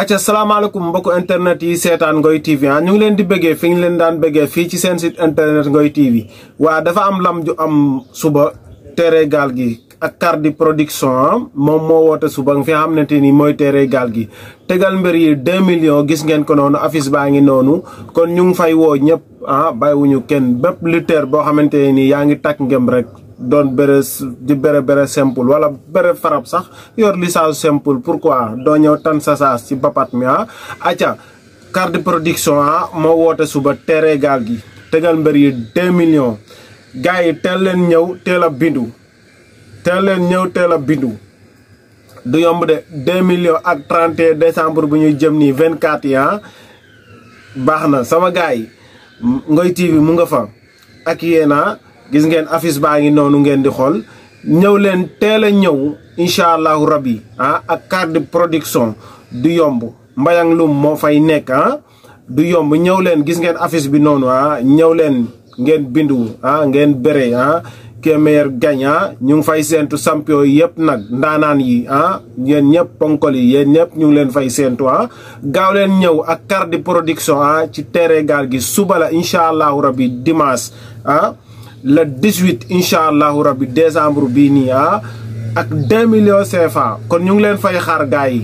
acca salaamaaleykum internet yi seetaan Ngoy TV ah ñu ngi leen di bëggee fi leen daan bëggee ci seen site internet Ngoy TV waa dafa am lam ju am suba terrain gaal gi ak Cardy Production ah. moom moo woote suba fi nga xamante ni gi tegal mbir yi 2 millions gis ngeen ko nonu affiche baa ngi noonu kon ñu ngi fay woo ñëpp ah bàyyiwuñu kenn bépp lutteur boo xamante ni yaa ngëm rek Don bere di bere bere simple wala bere farab sax yor licence simple pourquoi do ñew tan sa sas ci papat mi ha acha carte de production ha ah, mo wote suba téré gal gi tegal mbeur yi 2 millions gaay tel len ñew tel a bindu tel len ñew tel a bindu du yomb de 2 millions ak 31 décembre bu jëm ni 24 baxna sama gaay ngoy tv mu nga fa ak yena ah, gis ngeen affiche baa ngi noonu ngeen di xool ñëw leen teel ñëw incha allahu rabbi ah ak carte de production du yomb mbayang lum moo fay nekk a ah, du yomb ñëw leen gis ngeen affiche bi noonu ah ñëw leen ngeen bindu a ah, ngeen béré ah Kemeer gañ ah ñu ngi fay seentu champion yi yëpp nag ndaanaan yi ah yéen ñëpp ponkol yi yéen ñëpp ñu ngi leen fay seentu ah gaaw leen ñëw ak carte de production ah, ci terrain gaal gi suba la incha allahu rabbi dimaas ah le 18 incha allahu rabbi décembre bii nii ah ak 2 millions CFA kon ñu ngi leen fay xaar gars yi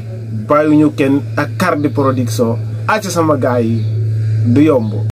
bàyyi ñu kenn ak carte de production acca sama gars yi du yomb